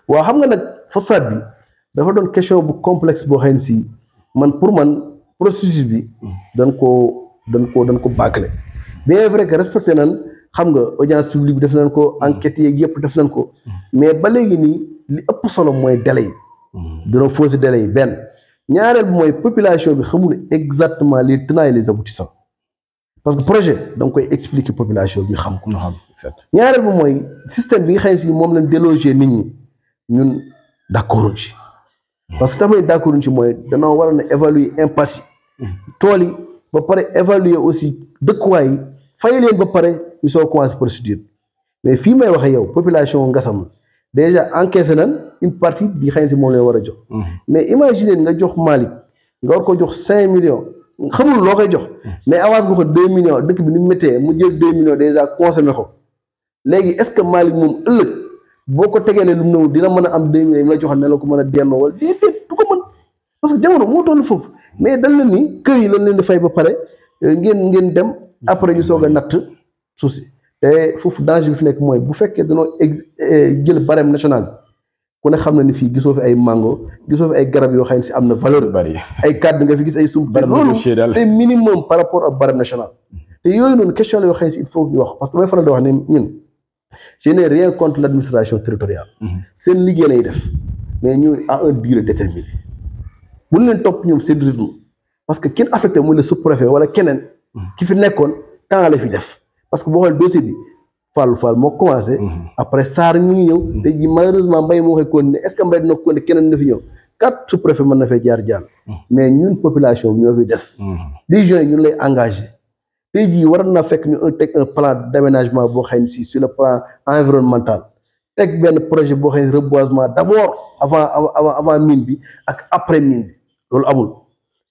ba xam ne nga nag phosphate bi dafa doon question bu complexe boo xam si man pour man. processus bi dañ ko dañ ko dañ ko vrai que xam publique def nañ ko enquête mais ba li solo délai délai population bi exactement les tenants et les aboutissants parce que projet da nga koy population bi xam ko xam système bi lañ d'accord parce que tamit d'accord ci mooy danoo a évaluer tool yi ba pare évaluer aussi dëkkuwaay yi fay leen ba pare ñu soo commencé procédure mais fii may waxe yow population Ngassam déjà encaissé nañ une partie bi xëy na si moom leen war a jox. Mm-hmm. mais imagine nga jox Malick nga war ko jox cinq millions xamul loo koy jox mm-hmm. mais avance nga ko deux millions dëkk bi ni mu méttee mu jël deux millions déjà consommé ko léegi est-ce que Malick moom ëllëg boo ko tegeelee lu mu néew dina mën a am deux millions yi mu la joxoon ne la ko mën a delloo wala déedéet parce que jamono moo toll foofu mais dal leen ni keuy yi lañ leen di fay ba paré euh, ngeen ngeen dem après ñu soga nat souci suuf si te danger bi fi nek moy bu fekkee danoo ex euh, jël barème national ku ne xam na ni fi gisoo fi ay mango gisoo fi ay garab yoo xam ne si am na valeur bari ay kàddu nga fi gis ay sumb loolu c'est minimum par rapport ak barème national te yooyu noonu question la yoo xam ne si il faut ñu wax parce que may faral di wax ne ñun je n'ai rien contre l'administration territoriale mm-hmm. seen liggéey lay def mais ñu à un durée déterminé mun leen topp ñoom seen rythme parce que kenn affecté muy le sous-préfet wala keneen ki fi nekkoon temps la fi def parce que boo xoolee dossier bi Fallou Fall moo commencé mhm. après Sarr ñu ñëw te ji malheureusement Mbaye moo koy continuer est ce que Mbaye dina ko continuer keneen na fi ñëw quatre sous-préfet mën na fee jaar jaar mhm. mais ñun population bi ñoo fi des décisions yi ñun lay engagé tey jii war na fekk ñu un teg un plan d'aménagement boo xam ne si sur le plan environnemental teg benn projet boo xam ne reboisement d'abord avant avant avant mine bi ak après mine bi loolu amul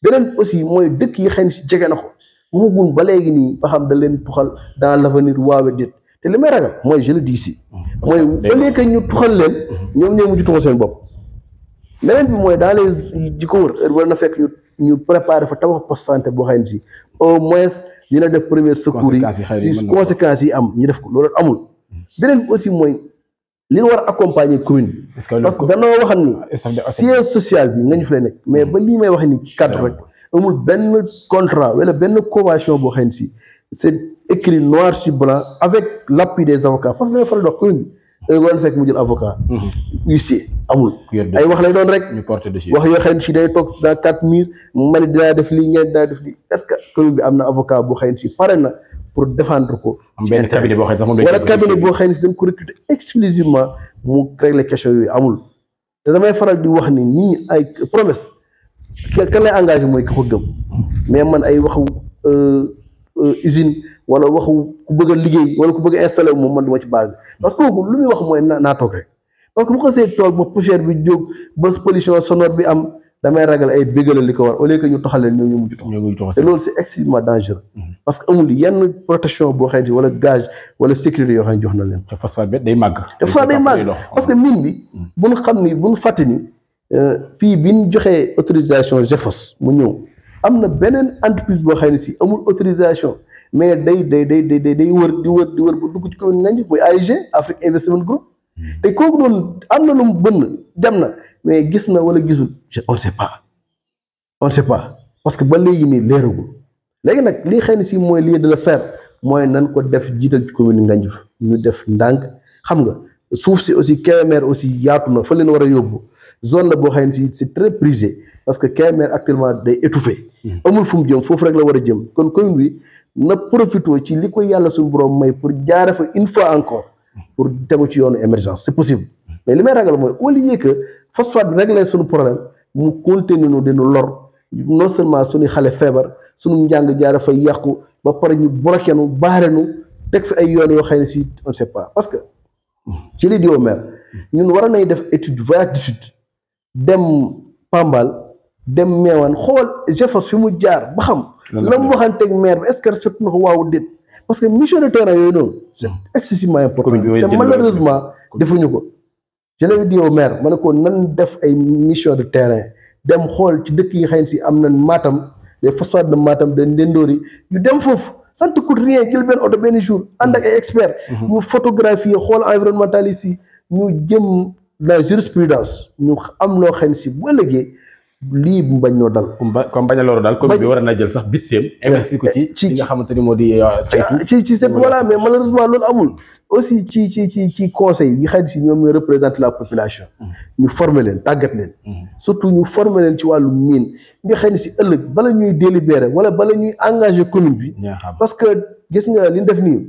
beneen aussi mooy dëkk yi xëy na si jege na ko waxagun ba léegi nii ba xam da leen tuxal dans l'avenir waawe déet te li may ragal mooy je le dis si mooy ba léegi ñu tuxal leen mhm. ñoom ñoo mujj tuxal seen bopp beneen bi mooy dans les di ko wër heure na fekk ñu ñu préparer fa tabax poste santé boo xam ne si au moins dina def première secours yi si conséquences yi am ñu def ko loolu amul mhm. beneen bi aussi mooy li ñu war a accompagner commune bi. parce que danoo waxam ni. siège social bi nga ñu fi lay nekk. mais ba lii may wax ci cadre rek amul benn contrat wala benn convention boo xam ne si c' est écrit noir sur blanc avec l' appui des avocats parce que dañoo faral di wax commune bi dañu fekk mu jël avocat. huissier mhm. amul. ay rek. ñu porté dossier wax yoo xam ne si day def lii ngeen dinaa def lii est ce que bi am na avocat boo xam ne si pare na. pour défendre ko. am benn cabinet boo xam ne sax wala cabinet boo xam ne si dañ ko recruter exclusivement mu régler question yooyu amul te damay faral di wax ni nii ay promesse kan lay engage mooy ki ko gëm mais man ay waxu euh, euh, usine wala waxu ku bëgg a liggéey wala ku bëgg a moom man du ma ci basé parce que kooku lu muy wax mooy naa toog rek parce bu ko see tool ba poussière bi jóg ba pollution sonore bi am. damay ragal ay bégale li ko war au lieu que ñu toxal leen ñoo ñu mujj tox te loolu c'est extrêmement dangereux parce que amul yenn protection bo xam wala gage wala sécurité yo xéñ jox na leen te phosphate bi day mag te phosphate day mag parce que min bi bu ñu xamni bu ñu fatini euh fi bi ñu joxee autorisation jefos mu ñëw amna benen entreprise bo xéñ ci amul autorisation mais day day day day day wër di wër di wër bu dugg ci commune nañ muy AIG Afrique Investment Group te kooku doon amna lu mu bënn dem na mais gis na wala gisul on ne sait pas on ne sait pas parce que ba léegi ni leeragul légui nak li xëy si moy lii de le faire moy nan ko def jiital ci commune Ngandiouf ñu def ndank xam nga souf si aussi Kébémer aussi yaatu fa leen wara a zone la bo xëy na si c'est très prisé parce que Kébémer actuellement day étouffé. Hmm. amul fu mu jëm foofu rek la wara a jëm kon commune bi na profito ci li ko yàlla suñu borom may pour jaare fa une fois encore pour tegu ci yoonu émergence c'est possible hmm. mais li may ragal moy au lieu que. phosphate bi réglé suñu problème mu continué nu dinu lor non seulement suñu xale feebar suñu njàng jaar fay yàqu ba pare ñu bloqué nu baare nu teg fi ay yoon yoo xam ne si on ne sait pas parce que je l'ai dit au maire ñun war nañ def étude voyage d'étude dem Pambal dem Meewan xool jefos fi mu jaar ba xam la mu waxanteeg maire bi est que respecte na ko waaw déet parce que mission de terrain yooyu noonu excessivement important te malheureusement defuñu ko je l'avais dit au ne ko nan def ay mission de terrain dem xool ci dëkk yi xëy si am na Matam les phosphate de Matam de Ndendori ñu dem foofu ça ne coûte rien jël benn oto jour ànd ak ay experts. Mhm. ñu photographier xool environnementaliste yi ñu jëm la jurisprudence ñu am loo xëy si bu ëllëgee lii mu bañ noo dal. comme bañ a loru daal commune bi war na jël sax bis seem. Eh, investir ko ci eh, euh, eh, ci ci ci ci ci ci ci conseil yi xam si ñoom ñoo représente la population. Mm. ñu former leen tàggat leen. Mm. surtout ñu former leen ci wàllu miin. nga xam ne si ëllëg bala ñuy délibérer wala bala ñuy engager commune bi. parce que gis nga li def nii.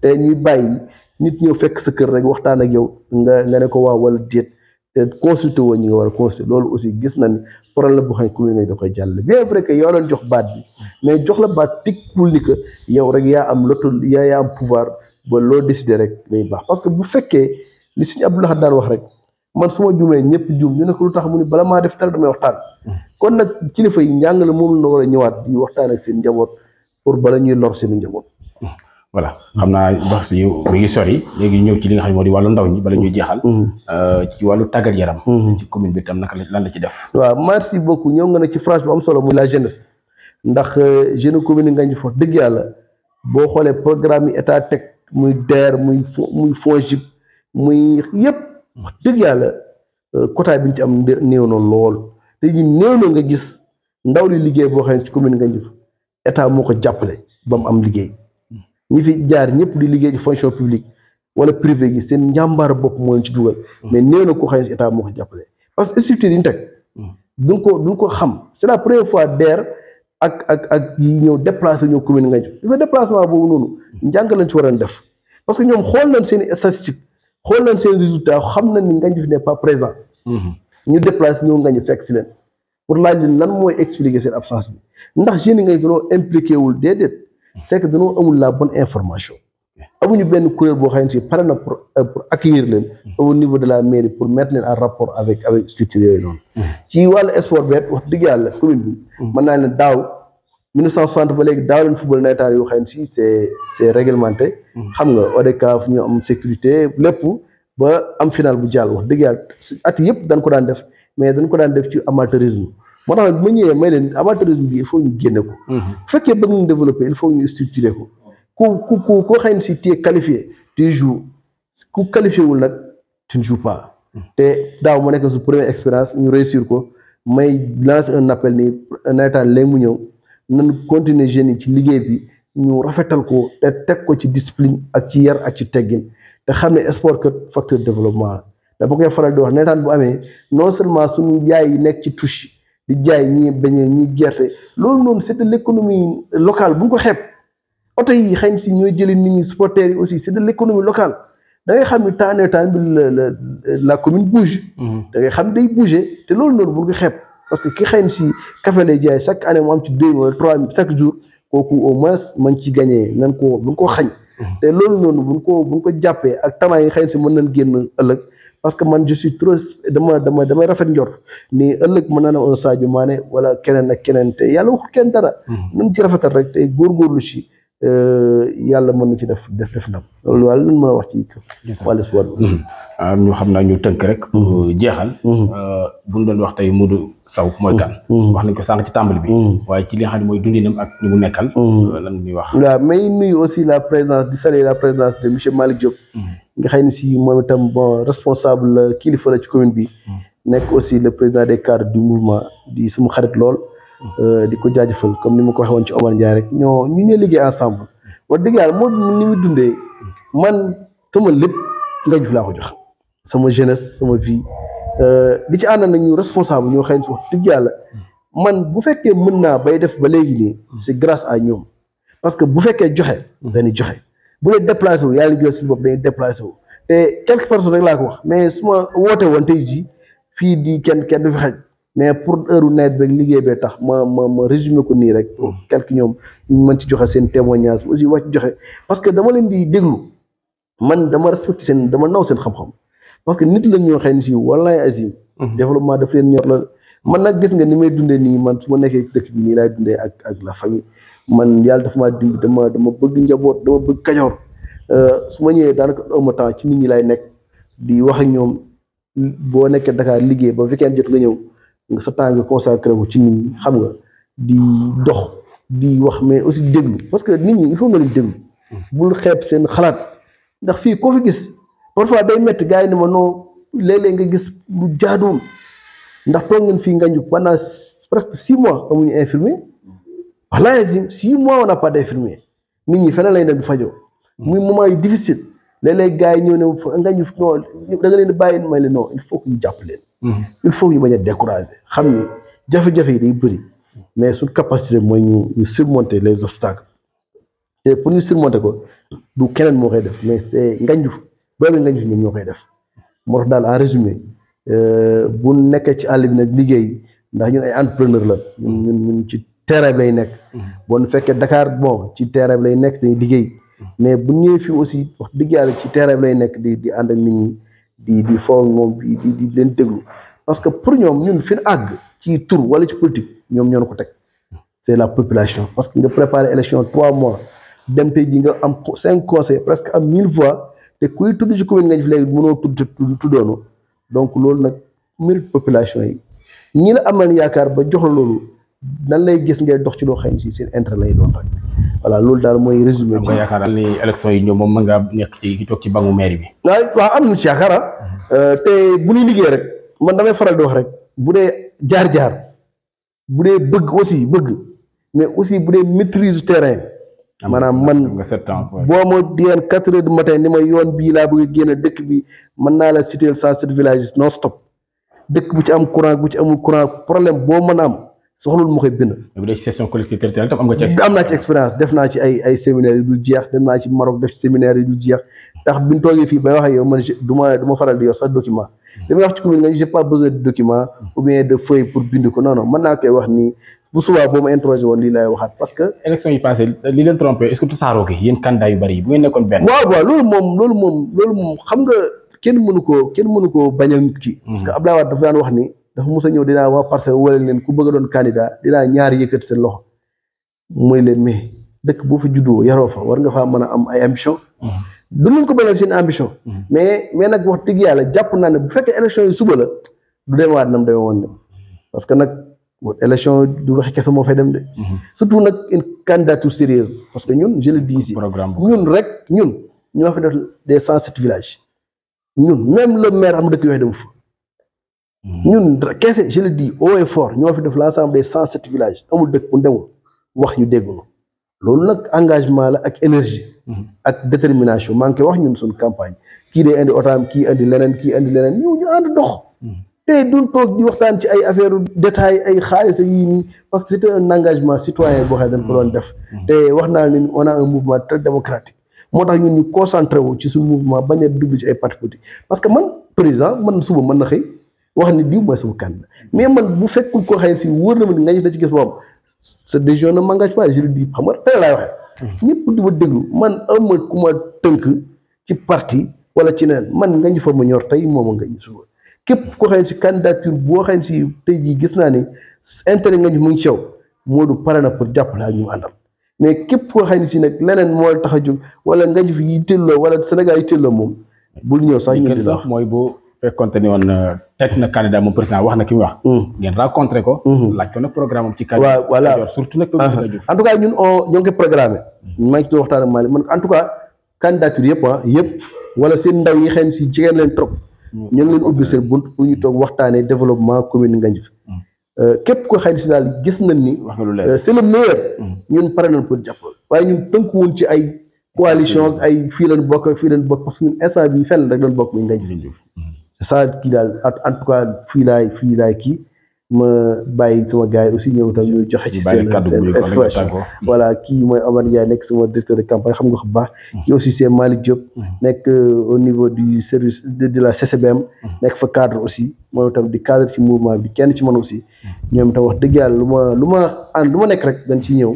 te ñuy bay nit ñeu fekk sa kër rek waxtaan ak yow nga nga ne ko waaw wala déet te consulté woo ñi nga war a consulté loolu aussi gis na ni problème bu xam ne commune da koy jall bien vrai que yoo doon jox baat bi mais jox la baat tik tikkul ni que yow rek ya am lotul ya ya am pouvoir ba lo décider rek lay bax parce que bu fekkee li suñu abdoulaha daan wax rek man suma jume ñepp ñëpp ñu ne ko lu tax mu ni bala ma def tal dama waxtaan kon nak kilifa yi njàng la moom la war a ñëwaat di waxtaan ak seen njabot pour bala ñuy lor seen njabot voilà xam naa wax yi mi ngi sori léegi ñëw ci li nga xam ne di wàllu ndaw ñi bala ñuy jeexal. Mm-hmm. Euh, ci wàllu tàggat yaram. Mm-hmm. ci commune bi tam naka la lan la ci def. waaw merci beaucoup ñëw nga ne ci France bu am solo muy la jeunesse ndax euh, jeune commune nga ñu dëgg yàlla boo xoolee programme yi état teg muy DER muy muy FONGIP muy yëpp wax dëgg yàlla euh, quota bi ñu ci am néew noonu lool te ñu néew na nga gis ndaw li liggéey boo xam ci commune nga ñu état moo ko jàppale ba mu am liggéey. ñi fi jaar ñëpp di liggéey ci fonction publique wala privé gi seen njàmbaar bopp moo leen ci dugal. Mm. mais nee na ko xëy na moo ko jàppale. parce que structure yi ñu teg. Mm. duñ ko xam c' est la première fois DER ak ak ak ñëw déplacé ñëw commune Nganj gis nga déplacement boobu njàng lañ ci waroon def. parce que ñoom xool nañ seen i xool nañ seen résultat xam na ni Nganj fi n'est pas présent. Mm-hmm. ñu déplacé ñëw Nganj fekk si leen. pour laaj leen lan mooy expliquer seen absence bi ndax jeunes yi nga ñu impliqué wul déedéet. c'est que dañoo amul la bonne information amuñu benn kuréel boo xam ne si pare na pour euh, pour accueillir leen au niveau de la mairie pour mettre leen en rapport avec avec structure ci wàllu sport bet wax dëgg yàlla commune bi mën naa ne daaw mille neuf cent soixante ba léegi daaw leen football nawetaan yoo xam ne si c'est c'est réglementé xam nga ODCAV ñu am sécurité lépp ba am final bu jàll wax dëgg yàlla at yëpp dañ ko daan def mais dañ ko daan def ci amateurisme moo tax nag ma ñëwee may leen amateurisme bi il faut ñu ko. bu mm-hmm. fekkee bëgg nañu développer il faut ko. ku ku ku koo xam ne si tu es qualifié tu joues ku wul nag tu ne joues mm-hmm. te daaw ma nekk su première expérience ñu réussir ko may lancer un appel ni nawetaan léegi mu ñëw nañu continuer jeunes yi ci liggéey bi ñu rafetal ko teg ko ci discipline ak ci yar ak ci teggin te xam ne sport kat facteur développement la. da ba koy faral di wax nawetaan bu amee non seulement suñu yaay yi nekk ci touche. di jaay ñii beñee ñii gerte loolu noonu c'est de l'économie locale bu ñu ko xeeb oto yi xëy si ñooy jëlee nit ñi supporters yi aussi c'est de l'économie locale da xam ni temps temps bi la la commune bouge. Mhm. da ngay xam de bouger te loolu noonu bu ñu ko xeeb parce que ki xëy si café lay jaay chaque année mu am ci deux wala trois chaque jour kooku au moins man ci gagné nan ko bu ñu ko xañ. Mhm. te loolu noonu bu ñu ko bu ko jàppee ak tabax yi si mën nañ génn ëllëg. parce que man je suis trop dama dama damay rafet njort nii ëllëg mën naa ne un Sadio Mané wala keneen ak keneen te yàlla waxul kenn dara. Hmm. nañ ci rafetal rek tey góorgóorlu si. Euh, yàlla mën na ci def def def ndam loolu waaye lan mën a wax ci wàllu sport bi am hmm. ah, ñu xam naa ñu tënk rek hmm. euh, jeexal hmm. euh, bu nu doon wax tey mu Modou Sow mooy kan wax nañ ko sànq ci tàmbali bi waaye ci li nga xam ne mooy dundinam ak ñu mu nekkal lan ñuy wax waaw may nuyu aussi la présence di saluer la présence de monsieur Malick Diop nga xam ne si moom itam bon responsable kilifa la ci commune bi nekk aussi le président des cadres du mouvement di sumu xarit lool Euh, di ko jaajëfal comme ni ma ko waxee ci Omar Ndiaye rek ñoo ñu ne liggéey ensemble wax dëgg yàlla moo ni mu dundee man sama lépp nga jëf laa ko jox sama jeunesse sama vie euh, di ci ànd nañu responsable ñoo xëy wax dëgg yàlla man bu fekkee mën naa bay def ba léegi nii c'est grâce à ñoom parce que bu fekkee joxe dañuy joxe bu leen déplacé wu yàlla jël suñu bopp dañuy déplacé wu te quelques personnes rek laa ko wax mais su ma woote woon tey jii fii di kenn kenn du fi mais pour heure nawet beeg liggéey bee tax ma ma ma résumé ko nii rek. pour mm. quelque ñoom ñu ci joxe seen témoignage aussi wax joxe parce que dama leen di déglu man dama respecté seen dama naw seen xam parce que nit la ñoo xëy na si walaay asim. Mm-hmm. développement daf leen ñor man nag gis nga ni may dundee nii man su ma nekkee dëkk bi nii laay dundee ak ak la famille man yàlla dafa maa dimb dama dama bëgg njaboot dama bëgg kajoor euh, su ma ñëwee daanaka ëmb temps ci nit ñi laay nekk di wax ak ñoom boo nekkee dakaar liggéey ba weekend jot nga ñëw. nga sa tàng nga consacré ci nit xam nga di dox di wax mais aussi déglu parce que nit ñi il faut nga leen déglu bul xeeb seen xalaat ndax fii koo fi gis parfois day métti gars yi ni ma non léeg-léeg nga gis lu jaaduwul ndax toog ngeen fii ngañu pendant presque six mois amuñu infirmier si six mois on n'a pas d'infirmier nit ñi feneen lay dem di fajoo muy moment yu difficile léeg-léeg gars yi ñëw ne ngañu non da nga leen di bàyyi may leen non il faut que ñu jàpp Mm-hmm. il faut ñu bañ a décourager Xamni jafé jafé jafe yi day bëri mais suñ capacité moy ñu ñu surmonter les obstacles et pour ñu surmonter ko du keneen mo koy def mais c'est Ngandiouf boobu Ngandiouf ñoom ñoo koy def Mort dal en résumé euh bu nekkee ci àll bi nag liggéey ndax ñun ay entrepreneur la ñun ñun ci terrain lay nekk mm-hmm. bon fekkee Dakar bon ci terrain lay nekk dañuy liggéey mm-hmm. mais bu ñëwee fi aussi wax dëgg ci terrain lay nekk di di ànd ak nit ñi di di fond moom di di di leen déglu parce que pour ñoom ñun fi ñu àgg ci tur wala ci politique ñoom ñoo ko teg c'est la population parce que nga préparer élection trois mois dem tey ji nga am cinq conseils presque am mille voix te kuy tudd ci commune nga def léegi mënoo tudd tuddoonu donc loolu nag mille population yi ñi la am nañ yaakaar ba jox la loolu nan lay gis ngay dox ci loo xam si seen intérêt lay doon rek voilà loolu daal mooy résumé. am nga yaakaar ni moom mën ngaa nekk ci ki toog ci bangu maire bi. waaw am na ci yaakaar ah. mhm. euh, te bu ñuy liggéey rek man damay faral di wax rek bu dee jaar-jaar bu dee bëgg aussi bëgg mais aussi bu dee maîtrise terrain. maanaam man boo ma diyan quatre heures du matin ni may yoon bii laa bëgg a génn dëkk bi mën naa la citer cent sept villages non stop dëkk bu ci am courant bu ci amul courant problème boo mën a am. soxlul mu koy bind. bu dee gestion collectivité territoriale tam am nga ci expérience. ko non non koy wax nii bu subaa boo ma interrogé waaw waaw loolu moom loolu moom xam nga kenn mënu koo kenn mënu koo bañ a nit ki. Hmm. parce que dafa daan wax ni dafa mos a ñëw dinaa waa parcelle wala leen ku bëgg a doon candidat dinaa ñaar yëkkati seen loxo mooy leen mais dëkk boo fa juddoo yaroo fa war nga faa mën a am ay ambition mhm. du ñu ko bëggoon seen ambition. Mhm. mais mais nag wax dëgg yàlla jàpp naa ne bu fekkee élection yi suba la du demaat na mu demee woon de parce que nag élection du wax kese moo fay dem de. Mhm. surtout nag une candidature sérieuse parce que ñun je le programme ñun rek ñun ñoo fi def des cent sept villages ñun même le maire am dëkk yooyu Mm. ñun kese je le dis haut et ñoo fi def la des cent sept villages amul dëkk bu demul wax ñu déggunu loolu nag engagement la ak énergie mm-hmm. ak détermination maa ngi wax ñun suñu campagne kii day indi otaam kii indi leneen kii indi leneen ñu ñu ànd dox mm-hmm. te du toog di waxtaan ci ay affaire détail ay xaalis yi nii parce que c'est un engagement citoyen boo xam ne dañ ko doon mm-hmm. def te wax naa ne on a un mouvement très démocratique moo tax ñun ñu concentré wu ci suñu mouvement bañ ci ay parti politique parce que man président man suba mën na xëy wax ne diw mooy sama candidat mais man bu fekkul koo xam ne si wóor na ma ni da ci gis moom sa décision ne m'engage pas xam nga tey laay ñëpp di ma déglu man ama ku ma tënk ci parti wala ci man nga ñu fa ma ñor tey moom nga ñu suba képp koo si candidature boo xam si tey jii gis naa ne intérêt nga ñu mu ngi sew moo du pare na pour jàppale ñu àndal mais képp koo xam ne si nag leneen moo tax a jóg wala nga ñu fi yittelloo wala Sénégal yittelloo moom bul ñëw sax ñu di sax mooy boo fekkonte ni woon euh, teg na candidat moom président wax na ki mu wax. Hmm. ngeen rencontré ko. Hmm. laaj ko nag programme ci. waaw voilà surtout nag. seen ndaw yi xëy si jigéen leen trop. Hmm. ñu ngi leen ubbi seen bunt pour ñu toog waxtaanee développement commune Ngandiouf. Euh, képp ko xëy si daal gis nañ ni. wax lu leer euh, c'est le meilleur. ñun pare nañ pour jàppal waaye ñun tënku woon ci ay. coalition ay fii leen bokk fii leen bokk parce que ñun instant bii fenn rek lañ bokk muy Ngandiouf. ça kii daal en tout cas fii laay fii laay kii ma bàyyi sama gars yi aussi ñëw tam ñu joxe ci seen seen expression voilà kii mooy Omar Ndiaye nekk sama directeur de campagne xam nga ko baax kii aussi c'est Malick Diop nekk euh, au niveau du service de la CCBM nekk fa cadre aussi mooy di cadre ci mouvement bi kenn ci man aussi ñoom itam wax dëgg yàlla lu ma lu ma ànd ah, lu ma nekk rek dañ ci ñëw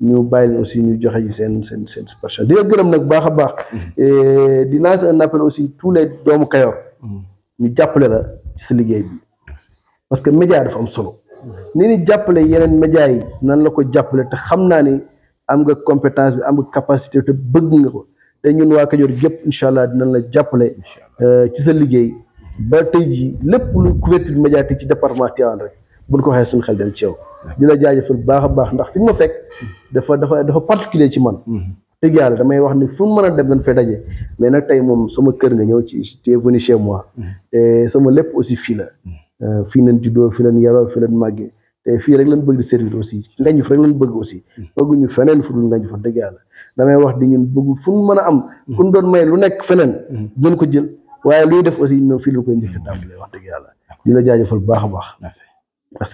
ñu bàyyi leen aussi ñu joxe ci seen seen seen expression di la gërëm nag baax a baax mm. dinaa lancer un aussi tout les doomu Kayor mm. ñu jàppale la ci sa liggéey bi parce que média dafa am solo ni ni jàppale yeneen média yi nan la ko jàppale te xam naa ni am nga compétence bi am nga capacité te bëgg nga ko te ñun waa Kajoor yëpp incha allah dinañ la jàppale euh, ci sa liggéey ba tey jii lépp lu couverture médiatique ci département Tivaouane rek buñ ko waxee suñ xel dem ci yow. di la jaajëfal bu baax a baax ndax fi nga ma fekk hmm. dafa dafa dafa particulier ci man. Hmm. dëgg yàlla damay wax ni fu man a dem dañ fay daje mais nag tey moom sama kër nga ñëw ci tu es venu chez moi te sama lépp aussi fii la euh, fii lañ juddoo fii lañ yaroo fii lañ màggee te fii rek lañ bëgg di servir aussi Ngandiouf rek lañ bëgg aussi bëgguñu feneen fu dul Ngandiouf dëgg yàlla damay wax di ñun bëgg fu mu mën a am ku ñu doon may lu nekk feneen doon ko jël waaye luy def aussi ñun fii la koy njëkk a tàmbalee wax dëgg yàlla di la jaajëfal bu baax a baax